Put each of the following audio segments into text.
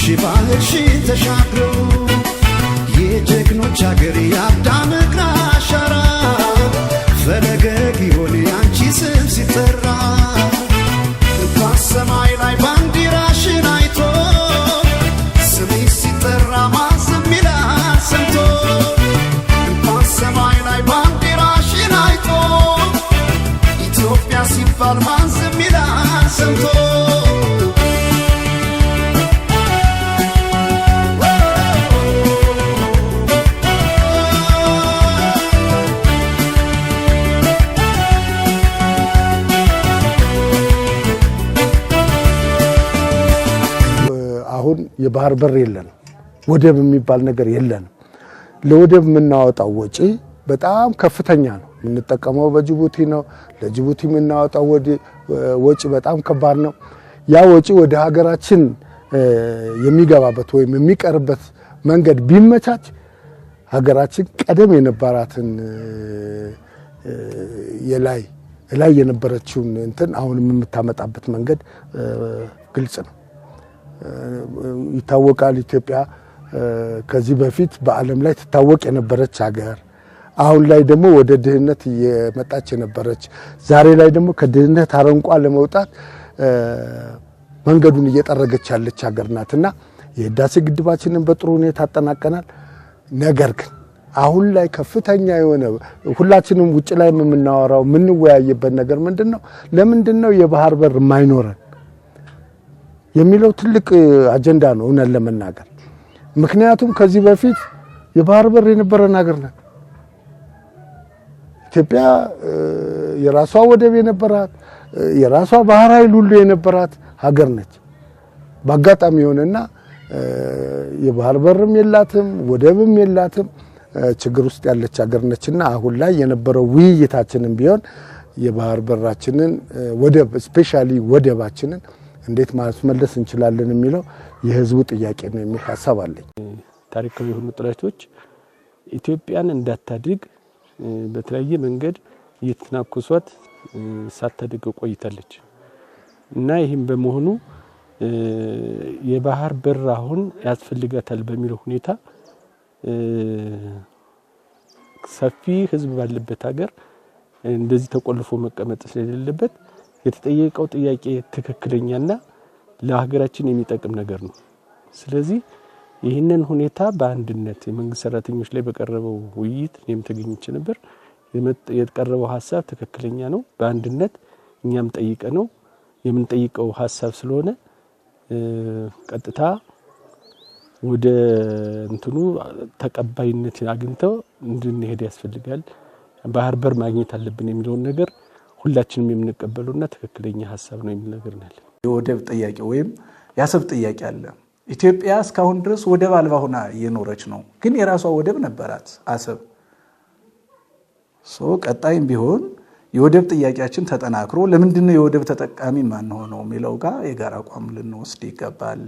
ሺ ባለሺ ተሻግረው አሁን የባህር በር የለንም፣ ወደብ የሚባል ነገር የለንም። ለወደብ የምናወጣው ወጪ በጣም ከፍተኛ ነው። የምንጠቀመው በጅቡቲ ነው። ለጅቡቲ የምናወጣው ወጪ በጣም ከባድ ነው። ያ ወጪ ወደ ሀገራችን የሚገባበት ወይም የሚቀርበት መንገድ ቢመቻች ሀገራችን ቀደም የነበራትን የላይ ላይ የነበረችውን እንትን አሁንም የምታመጣበት መንገድ ግልጽ ነው። ይታወቃል። ኢትዮጵያ ከዚህ በፊት በዓለም ላይ ትታወቅ የነበረች ሀገር አሁን ላይ ደግሞ ወደ ድህነት እየመጣች የነበረች ዛሬ ላይ ደግሞ ከድህነት አረንቋ ለመውጣት መንገዱን እየጠረገች ያለች ሀገር ናት እና የህዳሴ ግድባችንን በጥሩ ሁኔታ አጠናቀናል። ነገር ግን አሁን ላይ ከፍተኛ የሆነ ሁላችንም ውጭ ላይ የምናወራው የምንወያይበት ነገር ምንድን ነው? ለምንድን ነው የባህር በር የማይኖረን? የሚለው ትልቅ አጀንዳ ነው እውነት ለመናገር ምክንያቱም ከዚህ በፊት የባህር በር የነበረን ሀገር ናት ኢትዮጵያ። የራሷ ወደብ የነበራት የራሷ ባህር ኃይል ሁሉ የነበራት ሀገር ነች። በአጋጣሚ የሆነና የባህር በርም የላትም ወደብም የላትም ችግር ውስጥ ያለች ሀገር ነችና አሁን ላይ የነበረው ውይይታችንም ቢሆን የባህር በራችንን ወደብ ስፔሻሊ ወደባችንን እንዴት ማስመለስ እንችላለን የሚለው የህዝቡ ጥያቄ ነው የሚል ሀሳብ አለኝ። ታሪካዊ የሆኑ ጥላቶች ኢትዮጵያን እንዳታድግ በተለያየ መንገድ እየተናኩሷት ሳታድግ ቆይታለች እና ይህም በመሆኑ የባህር በር አሁን ያስፈልጋታል በሚለው ሁኔታ ሰፊ ህዝብ ባለበት ሀገር እንደዚህ ተቆልፎ መቀመጥ ስለሌለበት የተጠየቀው ጥያቄ ትክክለኛና ለሀገራችን የሚጠቅም ነገር ነው። ስለዚህ ይህንን ሁኔታ በአንድነት የመንግስት ሰራተኞች ላይ በቀረበው ውይይት እኔም ተገኝቼ ነበር። የቀረበው ሀሳብ ትክክለኛ ነው። በአንድነት እኛም ጠይቀ ነው የምንጠይቀው ሀሳብ ስለሆነ ቀጥታ ወደ እንትኑ ተቀባይነት አግኝተው እንድንሄድ ያስፈልጋል። ባህር በር ማግኘት አለብን የሚለውን ነገር ሁላችንም የምንቀበሉና ትክክለኛ ሀሳብ ነው የሚል ነገር ነው የወደብ ጥያቄ ወይም የአሰብ ጥያቄ አለ። ኢትዮጵያ እስካሁን ድረስ ወደብ አልባ ሆና እየኖረች ነው። ግን የራሷ ወደብ ነበራት አሰብ። ቀጣይም ቢሆን የወደብ ጥያቄያችን ተጠናክሮ ለምንድነው የወደብ ተጠቃሚ ማንሆነው የሚለው ጋር የጋራ አቋም ልንወስድ ይገባል።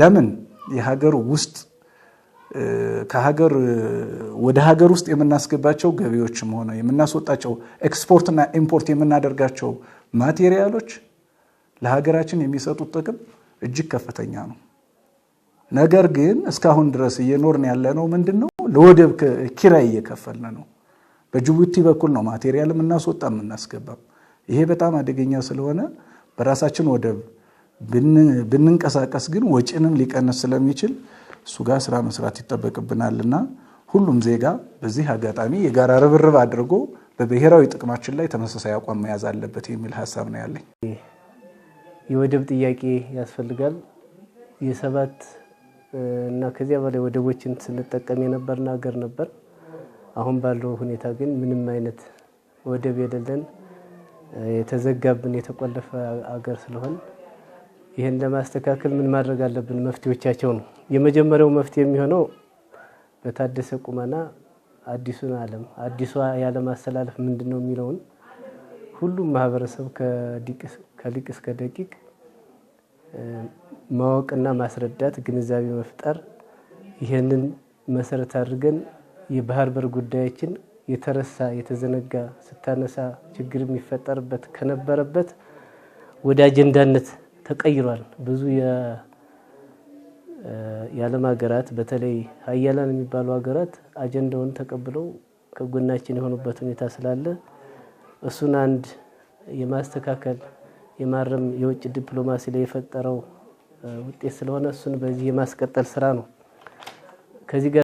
ለምን የሀገር ውስጥ ከሀገር ወደ ሀገር ውስጥ የምናስገባቸው ገቢዎችም ሆነ የምናስወጣቸው ኤክስፖርትና ኢምፖርት የምናደርጋቸው ማቴሪያሎች ለሀገራችን የሚሰጡት ጥቅም እጅግ ከፍተኛ ነው። ነገር ግን እስካሁን ድረስ እየኖርን ያለነው ምንድን ነው? ለወደብ ኪራይ እየከፈልን ነው። በጅቡቲ በኩል ነው ማቴሪያል የምናስወጣ የምናስገባም። ይሄ በጣም አደገኛ ስለሆነ በራሳችን ወደብ ብንንቀሳቀስ ግን ወጪንም ሊቀንስ ስለሚችል እሱ ጋር ስራ መስራት ይጠበቅብናልና ሁሉም ዜጋ በዚህ አጋጣሚ የጋራ ርብርብ አድርጎ በብሔራዊ ጥቅማችን ላይ ተመሳሳይ አቋም መያዝ አለበት የሚል ሀሳብ ነው ያለኝ። የወደብ ጥያቄ ያስፈልጋል። የሰባት እና ከዚያ በላይ ወደቦችን ስንጠቀም የነበርን ሀገር ነበር። አሁን ባለው ሁኔታ ግን ምንም አይነት ወደብ የሌለን የተዘጋብን የተቆለፈ አገር ስለሆን ይህን ለማስተካከል ምን ማድረግ አለብን? መፍትሄዎቻቸው ነው። የመጀመሪያው መፍትሄ የሚሆነው በታደሰ ቁመና አዲሱን ዓለም አዲሷ የዓለም አስተላለፍ ምንድን ነው የሚለውን ሁሉም ማህበረሰብ ከሊቅ እስከ ደቂቅ ማወቅና ማስረዳት፣ ግንዛቤ መፍጠር ይህንን መሰረት አድርገን የባህር በር ጉዳያችን የተረሳ የተዘነጋ ስታነሳ ችግር የሚፈጠርበት ከነበረበት ወደ አጀንዳነት ተቀይሯል። ብዙ የዓለም ሀገራት በተለይ ሀያላን የሚባሉ ሀገራት አጀንዳውን ተቀብለው ከጎናችን የሆኑበት ሁኔታ ስላለ እሱን አንድ የማስተካከል የማረም የውጭ ዲፕሎማሲ ላይ የፈጠረው ውጤት ስለሆነ እሱን በዚህ የማስቀጠል ስራ ነው ከዚህ ጋር